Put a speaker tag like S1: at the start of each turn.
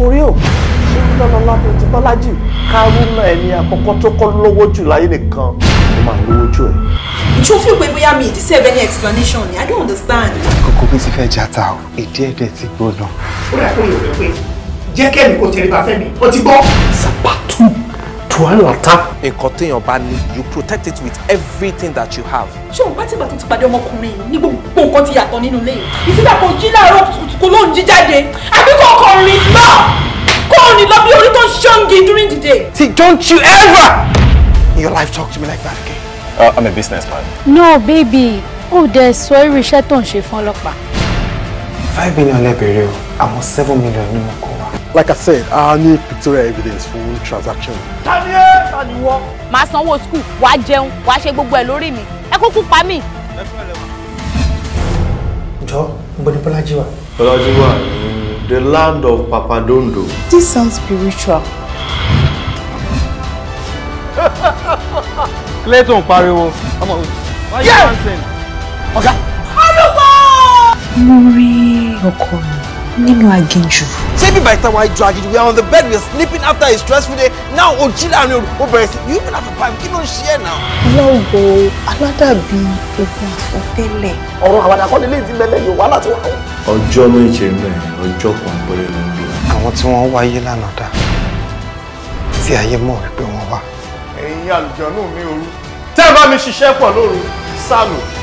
S1: orí ò ṣé lọ́lọ́lá bíi ti bọ́lájì kárúnà ẹni àkọ́kọ́ tó kọ́ lówó jù láyé nìkan ló máa lówó jù ẹ̀. ìṣó fi pé bóyá mi deserve any explanation ni i don't understand. kókó mi ti fẹ́ jata o èdè ẹ̀dẹ̀ ti gbóná. ó rẹ̀ pé òfin pé jẹ́ kẹ́mi kò tẹ̀lé bàfẹ́ mi ó ti gbọ́. sàpàtù tualata. nǹkan téèyàn bá ní you protect it with everything that you have. ṣé òun bá tìgbà tó ti pàdé ọmọkùnrin yìí ní gbogbo nǹkan ti yàtọ̀ nínú ilé yìí ìsìnkà kò jí láàárọ̀ kò lóun jí jáde àbí kò kọrin. See, don't you ever in your life talk to me like that again. Uh, I'm a businessman. No, baby. Oh, there's so rich I don't she for Five million per leberio, almost seven million ní mo Like I said, I need pictorial evidence for one transaction. Tani ẹ́ tani wọ́. Màá sanwó school, wàá jẹun, wàá ṣe gbogbo ẹ̀ lórí mi. Ẹ kúkú pa mí. Jọ, níbo ni Bọ́lájí wà? Bọ́lájí wà ní the land of Papadondo. This sounds spiritual. clayton pariwo ọmọ why you dancing. ọ̀gá. olùkọ́. mo rí ọkọ mi nínú aginjù. ṣé bíbá ìtawà ìjọ aginjù we are on the bed we are sleeping after a stressful day now o jí láàrin òru o bẹ̀rẹ̀ sí you even have a pipe kí ló ń ṣe ẹ̀ náà. aláwọ̀ aládàbí ogun àsọtẹ́lẹ̀. ọ̀rọ̀ àwàdà kọ́ni lè di mẹ́lẹ́ yìí wàhálà tí wọ́n. ọjọ́ méje mẹ́rin ọjọ́ kan péré ló ń bí. àwọn tí wọ́n wáyé lánàá dá tí ayé mọ̀ wípé w ẹ̀yin àlùjọ̀nú mi òru tẹ́ ẹ bá mi ṣiṣẹ́ pọ̀ lóru sálò.